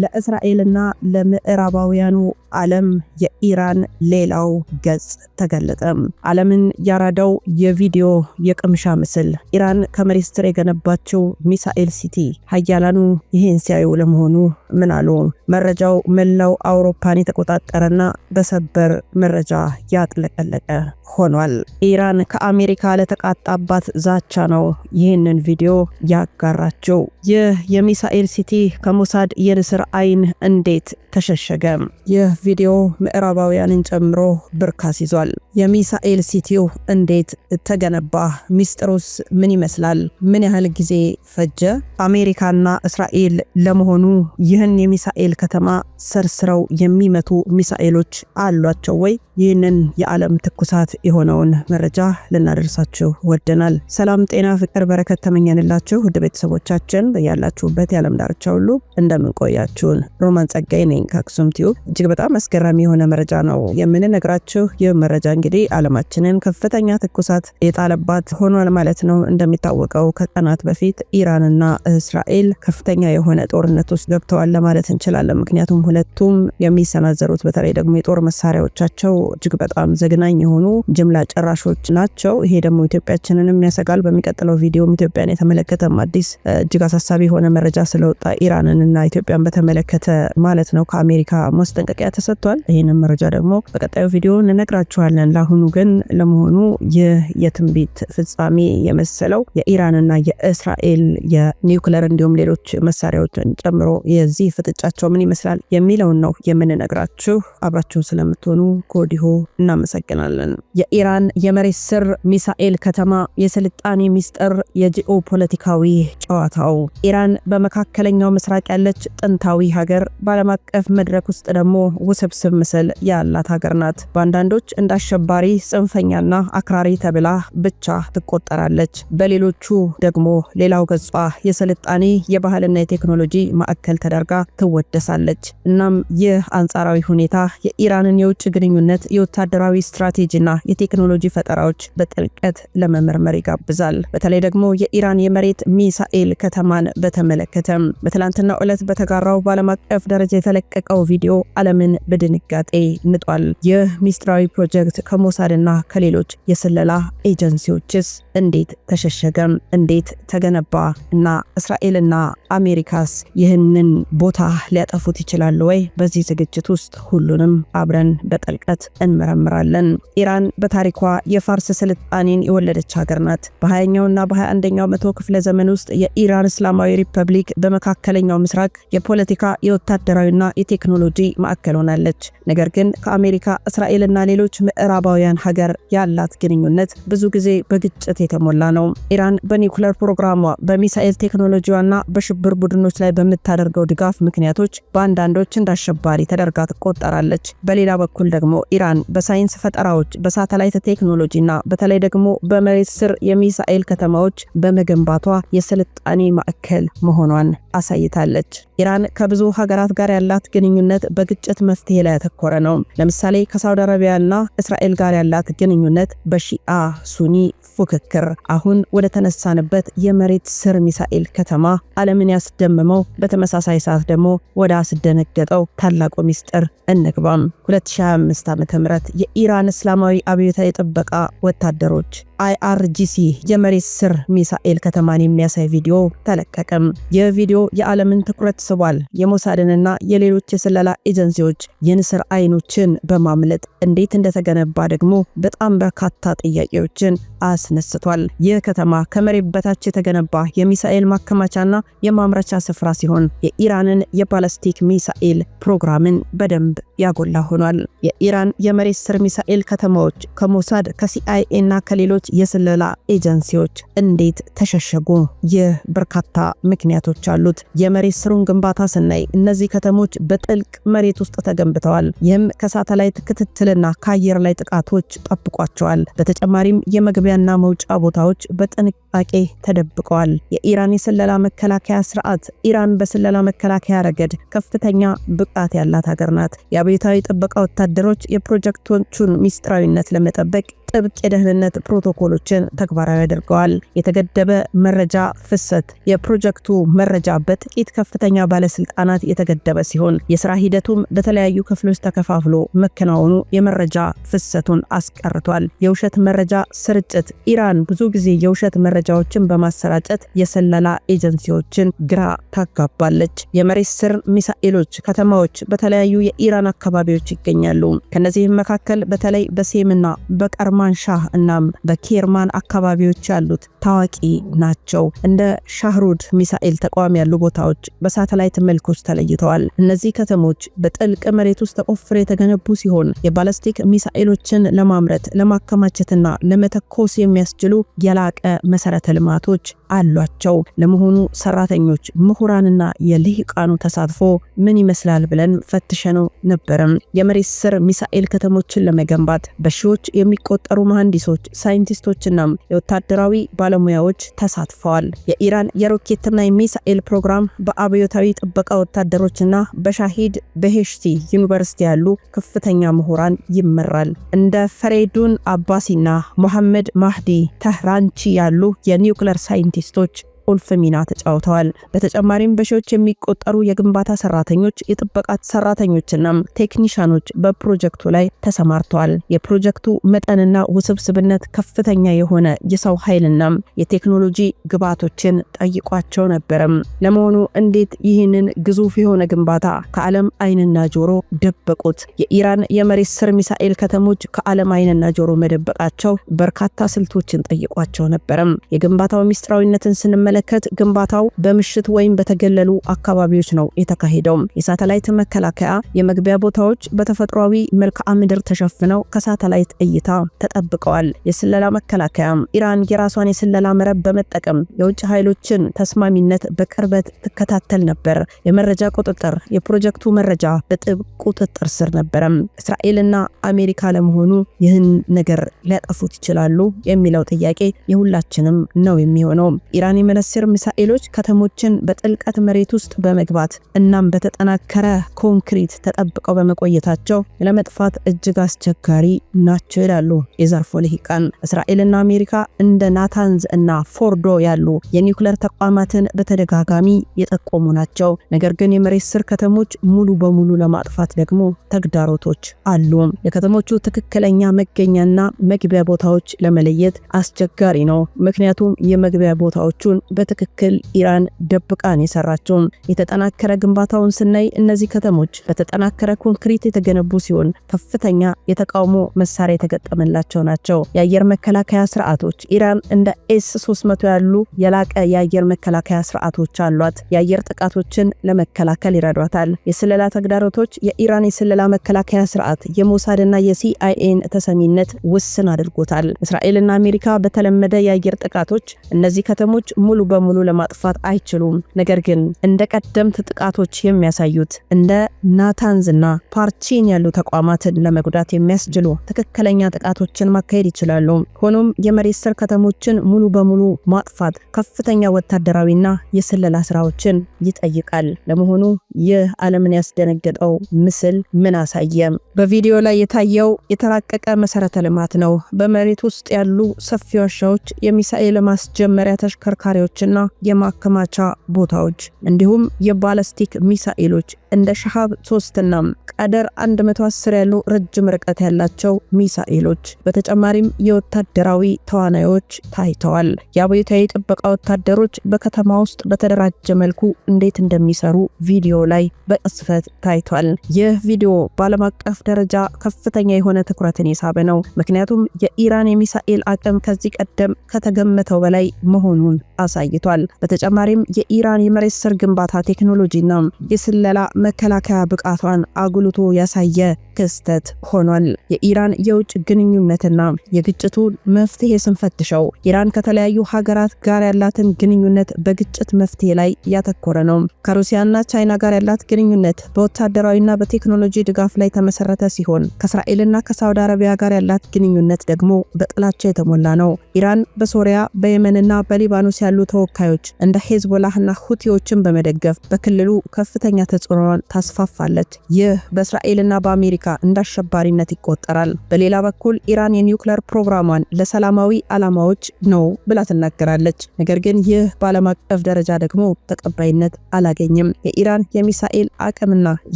ለእስራኤልና ለምዕራባውያኑ ዓለም የኢራን ሌላው ገጽ ተገለጠ። ዓለምን ያራዳው የቪዲዮ የቅምሻ ምስል ኢራን ከመሬት ስር የገነባቸው ሚሳኤል ሲቲ። ሀያላኑ ይህን ሲያዩ ለመሆኑ ምን አሉ? መረጃው መላው አውሮፓን የተቆጣጠረና በሰበር መረጃ ያጥለቀለቀ ሆኗል። ኢራን ከአሜሪካ ለተቃጣባት ዛቻ ነው ይህንን ቪዲዮ ያጋራቸው። ይህ የሚሳኤል ሲቲ ከሞሳድ የንስር አይን እንዴት ተሸሸገ። ይህ ቪዲዮ ምዕራባውያንን ጨምሮ ብርካስ ይዟል። የሚሳኤል ሲቲው እንዴት ተገነባ? ሚስጥሩስ ምን ይመስላል? ምን ያህል ጊዜ ፈጀ? አሜሪካና እስራኤል ለመሆኑ ይህን የሚሳኤል ከተማ ሰርስረው የሚመቱ ሚሳኤሎች አሏቸው ወይ? ይህንን የዓለም ትኩሳት የሆነውን መረጃ ልናደርሳችሁ ወደናል። ሰላም፣ ጤና፣ ፍቅር፣ በረከት ተመኘንላችሁ ውድ ቤተሰቦቻችን በያላችሁበት የዓለም ዳርቻ ሁሉ እንደምንቆያችሁን። ሮማን ጸጋይ ነኝ። ከአክሱም ቲዩብ እጅግ በጣም አስገራሚ የሆነ መረጃ ነው የምንነግራችሁ። ይህ መረጃ እንግዲህ አለማችንን ከፍተኛ ትኩሳት የጣለባት ሆኗል ማለት ነው። እንደሚታወቀው ከቀናት በፊት ኢራንና እስራኤል ከፍተኛ የሆነ ጦርነት ውስጥ ገብተዋል ለማለት እንችላለን። ምክንያቱም ሁለቱም የሚሰናዘሩት በተለይ ደግሞ የጦር መሳሪያዎቻቸው እጅግ በጣም ዘግናኝ የሆኑ ጅምላ ጨራሾች ናቸው። ይሄ ደግሞ ኢትዮጵያችንንም ያሰጋል። በሚቀጥለው ቪዲዮም ኢትዮጵያን የተመለከተም አዲስ እጅግ አሳሳቢ የሆነ መረጃ ስለወጣ ኢራንን እና ኢትዮጵያን በተመለከተ ማለት ነው ከአሜሪካ ማስጠንቀቂያ ተሰጥቷል። ይህንን መረጃ ደግሞ በቀጣዩ ቪዲዮ እንነግራችኋለን። ለአሁኑ ግን ለመሆኑ ይህ የትንቢት ፍጻሜ የመሰለው የኢራንና የእስራኤል የኒውክለር እንዲሁም ሌሎች መሳሪያዎችን ጨምሮ የዚህ ፍጥጫቸው ምን ይመስላል የሚለውን ነው የምንነግራችሁ። አብራችሁን ስለምትሆኑ ከወዲሁ እናመሰግናለን። የኢራን የመሬት ስር ሚሳኤል ከተማ የስልጣኔ ሚስጥር የጂኦ ፖለቲካዊ ጨዋታው። ኢራን በመካከለኛው ምስራቅ ያለች ጥንታዊ ሀገር በዓለም አቀፍ አቀፍ መድረክ ውስጥ ደግሞ ውስብስብ ምስል ያላት ሀገር ናት። በአንዳንዶች እንደ አሸባሪ ጽንፈኛና አክራሪ ተብላ ብቻ ትቆጠራለች። በሌሎቹ ደግሞ ሌላው ገጿ የስልጣኔ የባህልና የቴክኖሎጂ ማዕከል ተደርጋ ትወደሳለች። እናም ይህ አንጻራዊ ሁኔታ የኢራንን የውጭ ግንኙነት፣ የወታደራዊ ስትራቴጂና የቴክኖሎጂ ፈጠራዎች በጥልቀት ለመመርመር ይጋብዛል። በተለይ ደግሞ የኢራን የመሬት ሚሳኤል ከተማን በተመለከተም በትላንትናው ዕለት በተጋራው በዓለም አቀፍ ደረጃ የተለ የለቀቀው ቪዲዮ ዓለምን በድንጋጤ ንጧል። ይህ ሚስጥራዊ ፕሮጀክት ከሞሳድና ከሌሎች የስለላ ኤጀንሲዎችስ እንዴት ተሸሸገም? እንዴት ተገነባ? እና እስራኤልና አሜሪካስ ይህንን ቦታ ሊያጠፉት ይችላሉ ወይ? በዚህ ዝግጅት ውስጥ ሁሉንም አብረን በጥልቀት እንመረምራለን። ኢራን በታሪኳ የፋርስ ስልጣኔን የወለደች ሀገር ናት። በ20ኛውና በ21ኛው መቶ ክፍለ ዘመን ውስጥ የኢራን እስላማዊ ሪፐብሊክ በመካከለኛው ምስራቅ የፖለቲካ የወታደራዊና የቴክኖሎጂ ማዕከል ሆናለች። ነገር ግን ከአሜሪካ እስራኤልና ሌሎች ምዕራባውያን ሀገር ያላት ግንኙነት ብዙ ጊዜ በግጭት የተሞላ ነው። ኢራን በኒውክለር ፕሮግራሟ፣ በሚሳኤል ቴክኖሎጂዋና በሽብር ቡድኖች ላይ በምታደርገው ድጋፍ ምክንያቶች በአንዳንዶች እንደ አሸባሪ ተደርጋ ትቆጠራለች። በሌላ በኩል ደግሞ ኢራን በሳይንስ ፈጠራዎች፣ በሳተላይት ቴክኖሎጂና በተለይ ደግሞ በመሬት ስር የሚሳኤል ከተማዎች በመገንባቷ የስልጣኔ ማዕከል መሆኗን አሳይታለች። ኢራን ከብዙ ሀገራት ጋር ያላት ግንኙነት በግጭት መፍትሄ ላይ ያተኮረ ነው። ለምሳሌ ከሳውዲ አረቢያና እስራኤል ጋር ያላት ግንኙነት በሺአ ሱኒ ፉክክር አሁን ወደ ተነሳንበት የመሬት ስር ሚሳኤል ከተማ ዓለምን ያስደምመው በተመሳሳይ ሰዓት ደግሞ ወደ አስደነገጠው ታላቁ ሚስጥር እንግባም። 2025 ዓ.ም የኢራን እስላማዊ አብዮታዊ ጥበቃ ወታደሮች አይአርጂሲ የመሬት ስር ሚሳኤል ከተማን የሚያሳይ ቪዲዮ ተለቀቀም። ይህ ቪዲዮ የዓለምን ትኩረት ስቧል። የሞሳድንና የሌሎች የስለላ ኤጀንሲዎች የንስር አይኖችን በማምለጥ እንዴት እንደተገነባ ደግሞ በጣም በርካታ ጥያቄዎችን አስነስቷል። ይህ ከተማ ከመሬት በታች የተገነባ የሚሳኤል ማከማቻና የማምረቻ ስፍራ ሲሆን የኢራንን የባላስቲክ ሚሳኤል ፕሮግራምን በደንብ ያጎላ ሆኗል። የኢራን የመሬት ስር ሚሳኤል ከተማዎች ከሞሳድ ከሲአይኤ እና ከሌሎች የስለላ ኤጀንሲዎች እንዴት ተሸሸጉ? ይህ በርካታ ምክንያቶች አሉት። የመሬት ስሩን ግንባታ ስናይ እነዚህ ከተሞች በጥልቅ መሬት ውስጥ ተገንብተዋል። ይህም ከሳተላይት ክትትልና ከአየር ላይ ጥቃቶች ጠብቋቸዋል። በተጨማሪም የመግቢያና መውጫ ቦታዎች በጥንቅ ጥንቃቄ ተደብቀዋል። የኢራን የስለላ መከላከያ ስርዓት ኢራን በስለላ መከላከያ ረገድ ከፍተኛ ብቃት ያላት ሀገር ናት። የአብዮታዊ ጥበቃ ወታደሮች የፕሮጀክቶቹን ሚስጥራዊነት ለመጠበቅ ጥብቅ የደህንነት ፕሮቶኮሎችን ተግባራዊ አድርገዋል። የተገደበ መረጃ ፍሰት፣ የፕሮጀክቱ መረጃ በጥቂት ከፍተኛ ባለስልጣናት የተገደበ ሲሆን የስራ ሂደቱም በተለያዩ ክፍሎች ተከፋፍሎ መከናወኑ የመረጃ ፍሰቱን አስቀርቷል። የውሸት መረጃ ስርጭት ኢራን ብዙ ጊዜ የውሸት መረጃ መረጃዎችን በማሰራጨት የሰለላ ኤጀንሲዎችን ግራ ታጋባለች። የመሬት ስር ሚሳኤሎች ከተማዎች በተለያዩ የኢራን አካባቢዎች ይገኛሉ። ከነዚህም መካከል በተለይ በሴምና በቀርማን ሻህ እናም በኬርማን አካባቢዎች ያሉት ታዋቂ ናቸው። እንደ ሻህሩድ ሚሳኤል ተቋም ያሉ ቦታዎች በሳተላይት መልኮች ተለይተዋል። እነዚህ ከተሞች በጥልቅ መሬት ውስጥ ተቆፍረው የተገነቡ ሲሆን የባለስቲክ ሚሳኤሎችን ለማምረት ለማከማቸትና ለመተኮስ የሚያስችሉ የላቀ መሰ መሰረተ ልማቶች አሏቸው። ለመሆኑ ሰራተኞች፣ ምሁራንና የልሂቃኑ ተሳትፎ ምን ይመስላል ብለን ፈትሸነው ነበረም። የመሬት ስር ሚሳኤል ከተሞችን ለመገንባት በሺዎች የሚቆጠሩ መሐንዲሶች፣ ሳይንቲስቶችና የወታደራዊ ባለሙያዎች ተሳትፈዋል። የኢራን የሮኬትና የሚሳኤል ፕሮግራም በአብዮታዊ ጥበቃ ወታደሮችና በሻሂድ በሄሽቲ ዩኒቨርሲቲ ያሉ ከፍተኛ ምሁራን ይመራል። እንደ ፈሬዱን አባሲና ሞሐመድ ማህዲ ተህራንቺ ያሉ የኒውክለር ሳይንቲስት አርቲስቶች ቁልፍ ሚና ተጫውተዋል። በተጨማሪም በሺዎች የሚቆጠሩ የግንባታ ሰራተኞች፣ የጥበቃ ሰራተኞችና ቴክኒሻኖች በፕሮጀክቱ ላይ ተሰማርተዋል። የፕሮጀክቱ መጠንና ውስብስብነት ከፍተኛ የሆነ የሰው ኃይልና የቴክኖሎጂ ግብዓቶችን ጠይቋቸው ነበረም። ለመሆኑ እንዴት ይህንን ግዙፍ የሆነ ግንባታ ከዓለም አይንና ጆሮ ደበቁት? የኢራን የመሬት ስር ሚሳኤል ከተሞች ከዓለም አይንና ጆሮ መደበቃቸው በርካታ ስልቶችን ጠይቋቸው ነበረም። የግንባታው ሚስጥራዊነትን ስንመለ ስንመለከት ግንባታው በምሽት ወይም በተገለሉ አካባቢዎች ነው የተካሄደው። የሳተላይት መከላከያ የመግቢያ ቦታዎች በተፈጥሯዊ መልክዓ ምድር ተሸፍነው ከሳተላይት እይታ ተጠብቀዋል። የስለላ መከላከያ ኢራን የራሷን የስለላ መረብ በመጠቀም የውጭ ኃይሎችን ተስማሚነት በቅርበት ትከታተል ነበር። የመረጃ ቁጥጥር የፕሮጀክቱ መረጃ በጥብቅ ቁጥጥር ስር ነበረም። እስራኤልና አሜሪካ ለመሆኑ ይህን ነገር ሊያጠፉት ይችላሉ የሚለው ጥያቄ የሁላችንም ነው የሚሆነው ኢራን የመነ አስር ሚሳኤሎች ከተሞችን በጥልቀት መሬት ውስጥ በመግባት እናም በተጠናከረ ኮንክሪት ተጠብቀው በመቆየታቸው ለመጥፋት እጅግ አስቸጋሪ ናቸው ይላሉ የዘርፎ ልሂቃን። እስራኤልና አሜሪካ እንደ ናታንዝ እና ፎርዶ ያሉ የኒውክለር ተቋማትን በተደጋጋሚ የጠቆሙ ናቸው። ነገር ግን የመሬት ስር ከተሞች ሙሉ በሙሉ ለማጥፋት ደግሞ ተግዳሮቶች አሉ። የከተሞቹ ትክክለኛ መገኛና መግቢያ ቦታዎች ለመለየት አስቸጋሪ ነው፣ ምክንያቱም የመግቢያ ቦታዎቹን በትክክል ኢራን ደብቃን የሰራቸው። የተጠናከረ ግንባታውን ስናይ እነዚህ ከተሞች በተጠናከረ ኮንክሪት የተገነቡ ሲሆን ከፍተኛ የተቃውሞ መሳሪያ የተገጠመላቸው ናቸው። የአየር መከላከያ ስርዓቶች ኢራን እንደ ኤስ 300 ያሉ የላቀ የአየር መከላከያ ስርዓቶች አሏት። የአየር ጥቃቶችን ለመከላከል ይረዷታል። የስለላ ተግዳሮቶች የኢራን የስለላ መከላከያ ስርዓት የሞሳድና የሲአይኤን ተሰሚነት ውስን አድርጎታል። እስራኤልና አሜሪካ በተለመደ የአየር ጥቃቶች እነዚህ ከተሞች ሙሉ ሙሉ በሙሉ ለማጥፋት አይችሉም። ነገር ግን እንደ ቀደምት ጥቃቶች የሚያሳዩት እንደ ናታንዝና ፓርቺን ያሉ ተቋማትን ለመጉዳት የሚያስችሉ ትክክለኛ ጥቃቶችን ማካሄድ ይችላሉ። ሆኖም የመሬት ስር ከተሞችን ሙሉ በሙሉ ማጥፋት ከፍተኛ ወታደራዊና የስለላ ስራዎችን ይጠይቃል። ለመሆኑ ይህ ዓለምን ያስደነገጠው ምስል ምን አሳየም? በቪዲዮ ላይ የታየው የተራቀቀ መሰረተ ልማት ነው። በመሬት ውስጥ ያሉ ሰፊ ዋሻዎች የሚሳኤል ማስጀመሪያ ተሽከርካሪዎች ሚሳኤሎችና የማከማቻ ቦታዎች እንዲሁም የባለስቲክ ሚሳኤሎች እንደ ሸሃብ 3 እና ቀደር 110 ያሉ ረጅም ርቀት ያላቸው ሚሳኤሎች በተጨማሪም የወታደራዊ ተዋናዮች ታይተዋል። የአብዮታዊ ጥበቃ ወታደሮች በከተማ ውስጥ በተደራጀ መልኩ እንዴት እንደሚሰሩ ቪዲዮ ላይ በቅስፈት ታይቷል። ይህ ቪዲዮ በዓለም አቀፍ ደረጃ ከፍተኛ የሆነ ትኩረትን የሳበ ነው። ምክንያቱም የኢራን የሚሳኤል አቅም ከዚህ ቀደም ከተገመተው በላይ መሆኑን አሳይቷል። በተጨማሪም የኢራን የመሬት ስር ግንባታ ቴክኖሎጂና የስለላ መከላከያ ብቃቷን አጉልቶ ያሳየ ክስተት ሆኗል። የኢራን የውጭ ግንኙነትና የግጭቱ መፍትሄ ስንፈትሸው ኢራን ከተለያዩ ሀገራት ጋር ያላትን ግንኙነት በግጭት መፍትሄ ላይ ያተኮረ ነው። ከሩሲያና ቻይና ጋር ያላት ግንኙነት በወታደራዊና በቴክኖሎጂ ድጋፍ ላይ ተመሰረተ ሲሆን ከእስራኤልና ከሳውዲ አረቢያ ጋር ያላት ግንኙነት ደግሞ በጥላቻ የተሞላ ነው። ኢራን በሶሪያ በየመንና በሊባኖስ ያሉ ተወካዮች እንደ ሄዝቦላህና ሁቲዎችን በመደገፍ በክልሉ ከፍተኛ ተጽዕኖ አሰራሯን ታስፋፋለች። ይህ በእስራኤልና በአሜሪካ እንደ አሸባሪነት ይቆጠራል። በሌላ በኩል ኢራን የኒውክለር ፕሮግራሟን ለሰላማዊ ዓላማዎች ነው ብላ ትናገራለች። ነገር ግን ይህ በዓለም አቀፍ ደረጃ ደግሞ ተቀባይነት አላገኝም። የኢራን የሚሳኤል አቅምና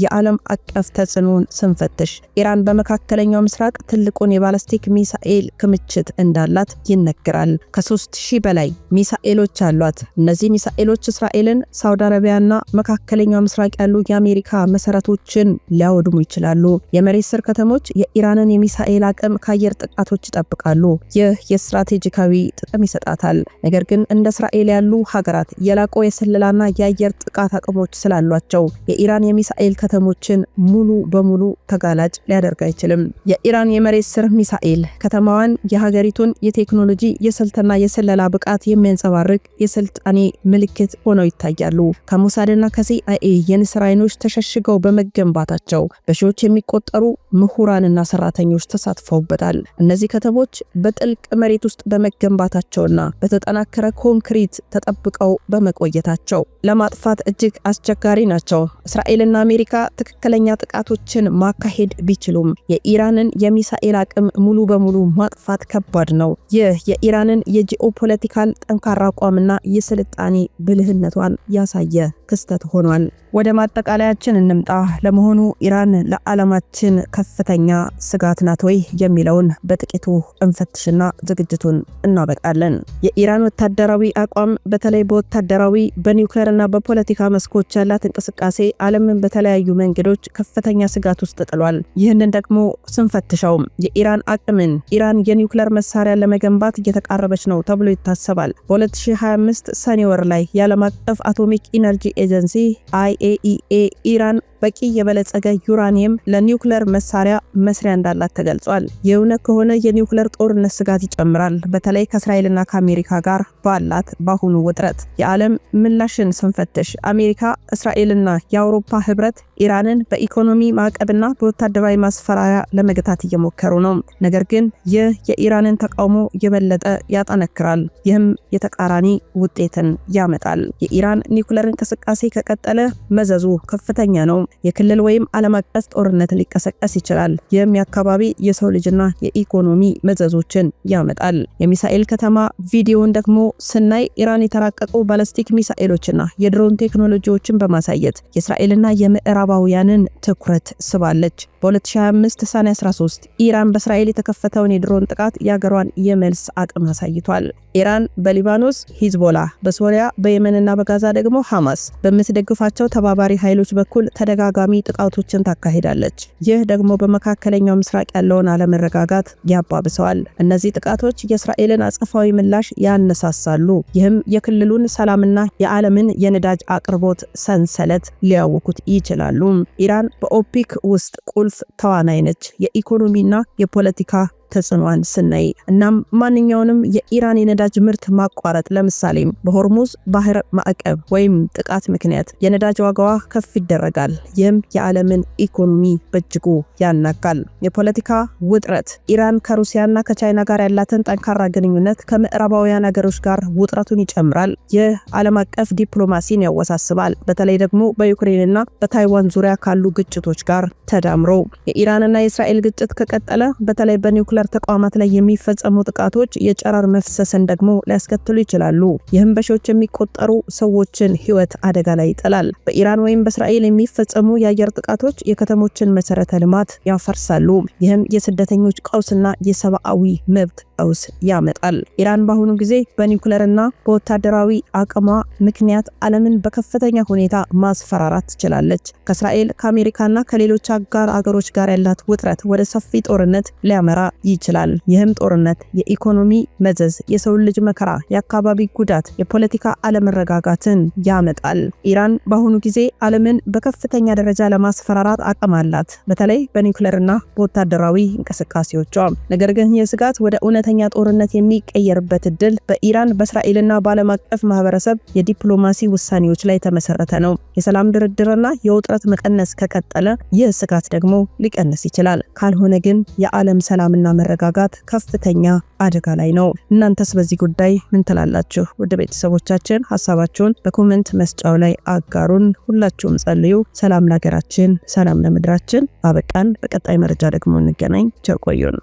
የዓለም አቀፍ ተጽዕኖን ስንፈትሽ ኢራን በመካከለኛው ምስራቅ ትልቁን የባለስቲክ ሚሳኤል ክምችት እንዳላት ይነገራል። ከሶስት ሺህ በላይ ሚሳኤሎች አሏት። እነዚህ ሚሳኤሎች እስራኤልን፣ ሳውዲ አረቢያና መካከለኛው ምስራቅ ያሉ የአሜሪካ መሰረቶችን ሊያወድሙ ይችላሉ። የመሬት ስር ከተሞች የኢራንን የሚሳኤል አቅም ከአየር ጥቃቶች ይጠብቃሉ። ይህ የስትራቴጂካዊ ጥቅም ይሰጣታል። ነገር ግን እንደ እስራኤል ያሉ ሀገራት የላቆ የስለላና የአየር ጥቃት አቅሞች ስላሏቸው የኢራን የሚሳኤል ከተሞችን ሙሉ በሙሉ ተጋላጭ ሊያደርግ አይችልም። የኢራን የመሬት ስር ሚሳኤል ከተማዋን የሀገሪቱን የቴክኖሎጂ የስልትና የስለላ ብቃት የሚያንጸባርቅ የስልጣኔ ምልክት ሆነው ይታያሉ። ከሞሳድና ከሲአይኤ የንስር አይኖች ችግሮች ተሸሽገው በመገንባታቸው በሺዎች የሚቆጠሩ ምሁራንና ሰራተኞች ተሳትፈውበታል። እነዚህ ከተሞች በጥልቅ መሬት ውስጥ በመገንባታቸውና በተጠናከረ ኮንክሪት ተጠብቀው በመቆየታቸው ለማጥፋት እጅግ አስቸጋሪ ናቸው። እስራኤልና አሜሪካ ትክክለኛ ጥቃቶችን ማካሄድ ቢችሉም የኢራንን የሚሳኤል አቅም ሙሉ በሙሉ ማጥፋት ከባድ ነው። ይህ የኢራንን የጂኦፖለቲካል ጠንካራ አቋምና የስልጣኔ ብልህነቷን ያሳየ ክስተት ሆኗል። ወደ ማጠቃለያችን እንምጣ። ለመሆኑ ኢራን ለዓለማችን ከፍተኛ ስጋት ናት ወይ የሚለውን በጥቂቱ እንፈትሽና ዝግጅቱን እናበቃለን። የኢራን ወታደራዊ አቋም በተለይ በወታደራዊ በኒውክሌርና በፖለቲካ መስኮች ያላት እንቅስቃሴ ዓለምን በተለያዩ መንገዶች ከፍተኛ ስጋት ውስጥ ጥሏል። ይህንን ደግሞ ስንፈትሸውም የኢራን አቅምን ኢራን የኒውክሌር መሳሪያ ለመገንባት እየተቃረበች ነው ተብሎ ይታሰባል። በ2025 ሰኔ ወር ላይ የዓለም አቀፍ አቶሚክ ኢነርጂ ኤጀንሲ አይኤኢኤ ኢራን በቂ የበለጸገ ዩራኒየም ለኒውክለር መሳሪያ መስሪያ እንዳላት ተገልጿል። የእውነት ከሆነ የኒውክለር ጦርነት ስጋት ይጨምራል፣ በተለይ ከእስራኤልና ከአሜሪካ ጋር ባላት በአሁኑ ውጥረት። የዓለም ምላሽን ስንፈትሽ አሜሪካ፣ እስራኤልና የአውሮፓ ህብረት ኢራንን በኢኮኖሚ ማዕቀብና በወታደራዊ ማስፈራሪያ ለመግታት እየሞከሩ ነው። ነገር ግን ይህ የኢራንን ተቃውሞ የበለጠ ያጠነክራል። ይህም የተቃራኒ ውጤትን ያመጣል። የኢራን ኒውክለር እንቅስቃሴ ከቀጠለ መዘዙ ከፍተኛ ነው። የክልል ወይም ዓለም አቀፍ ጦርነት ሊቀሰቀስ ይችላል። ይህም የአካባቢ የሰው ልጅና የኢኮኖሚ መዘዞችን ያመጣል። የሚሳኤል ከተማ ቪዲዮን ደግሞ ስናይ ኢራን የተራቀቁ ባለስቲክ ሚሳኤሎችና የድሮን ቴክኖሎጂዎችን በማሳየት የእስራኤልና የምዕራባውያንን ትኩረት ስባለች። በ2025 ሰኔ 13 ኢራን በእስራኤል የተከፈተውን የድሮን ጥቃት የአገሯን የመልስ አቅም አሳይቷል። ኢራን በሊባኖስ ሂዝቦላ፣ በሶሪያ በየመንና በጋዛ ደግሞ ሐማስ በምትደግፋቸው ተባባሪ ኃይሎች በኩል ተደጋጋሚ ጥቃቶችን ታካሂዳለች። ይህ ደግሞ በመካከለኛው ምስራቅ ያለውን አለመረጋጋት ያባብሰዋል። እነዚህ ጥቃቶች የእስራኤልን አጸፋዊ ምላሽ ያነሳሳሉ። ይህም የክልሉን ሰላምና የዓለምን የነዳጅ አቅርቦት ሰንሰለት ሊያውኩት ይችላሉ። ኢራን በኦፒክ ውስጥ ቁል ሳይንስ ተዋናይ ነች። የኢኮኖሚና የፖለቲካ ተጽዕኖዋን ስናይ እናም ማንኛውንም የኢራን የነዳጅ ምርት ማቋረጥ ለምሳሌም በሆርሙዝ ባህር ማዕቀብ ወይም ጥቃት ምክንያት የነዳጅ ዋጋዋ ከፍ ይደረጋል። ይህም የዓለምን ኢኮኖሚ በእጅጉ ያናጋል። የፖለቲካ ውጥረት ኢራን ከሩሲያና ከቻይና ጋር ያላትን ጠንካራ ግንኙነት ከምዕራባውያን ሀገሮች ጋር ውጥረቱን ይጨምራል። ይህ ዓለም አቀፍ ዲፕሎማሲን ያወሳስባል። በተለይ ደግሞ በዩክሬንና በታይዋን ዙሪያ ካሉ ግጭቶች ጋር ተዳምሮ የኢራንና የእስራኤል ግጭት ከቀጠለ በተለይ በኒውክሌር የሀገር ተቋማት ላይ የሚፈጸሙ ጥቃቶች የጨረር መፍሰስን ደግሞ ሊያስከትሉ ይችላሉ። ይህም በሺዎች የሚቆጠሩ ሰዎችን ህይወት አደጋ ላይ ይጥላል። በኢራን ወይም በእስራኤል የሚፈጸሙ የአየር ጥቃቶች የከተሞችን መሰረተ ልማት ያፈርሳሉ። ይህም የስደተኞች ቀውስና የሰብአዊ መብት ቀውስ ያመጣል። ኢራን በአሁኑ ጊዜ በኒውክለርና በወታደራዊ አቅሟ ምክንያት ዓለምን በከፍተኛ ሁኔታ ማስፈራራት ትችላለች። ከእስራኤል ከአሜሪካና ከሌሎች አጋር አገሮች ጋር ያላት ውጥረት ወደ ሰፊ ጦርነት ሊያመራ ይችላል። ይህም ጦርነት፣ የኢኮኖሚ መዘዝ፣ የሰው ልጅ መከራ፣ የአካባቢ ጉዳት፣ የፖለቲካ አለመረጋጋትን ያመጣል። ኢራን በአሁኑ ጊዜ ዓለምን በከፍተኛ ደረጃ ለማስፈራራት አቅም አላት፣ በተለይ በኒውክሌርና በወታደራዊ እንቅስቃሴዎቿ። ነገር ግን ይህ ስጋት ወደ እውነተኛ ጦርነት የሚቀየርበት እድል በኢራን በእስራኤልና በዓለም አቀፍ ማህበረሰብ የዲፕሎማሲ ውሳኔዎች ላይ የተመሰረተ ነው። የሰላም ድርድርና የውጥረት መቀነስ ከቀጠለ ይህ ስጋት ደግሞ ሊቀንስ ይችላል። ካልሆነ ግን የዓለም ሰላምና አለመረጋጋት ከፍተኛ አደጋ ላይ ነው። እናንተስ በዚህ ጉዳይ ምን ትላላችሁ? ወደ ቤተሰቦቻችን ሀሳባችሁን በኮመንት መስጫው ላይ አጋሩን። ሁላችሁም ጸልዩ። ሰላም ለሀገራችን፣ ሰላም ለምድራችን። አበቃን። በቀጣይ መረጃ ደግሞ እንገናኝ። ቸር ቆዩን።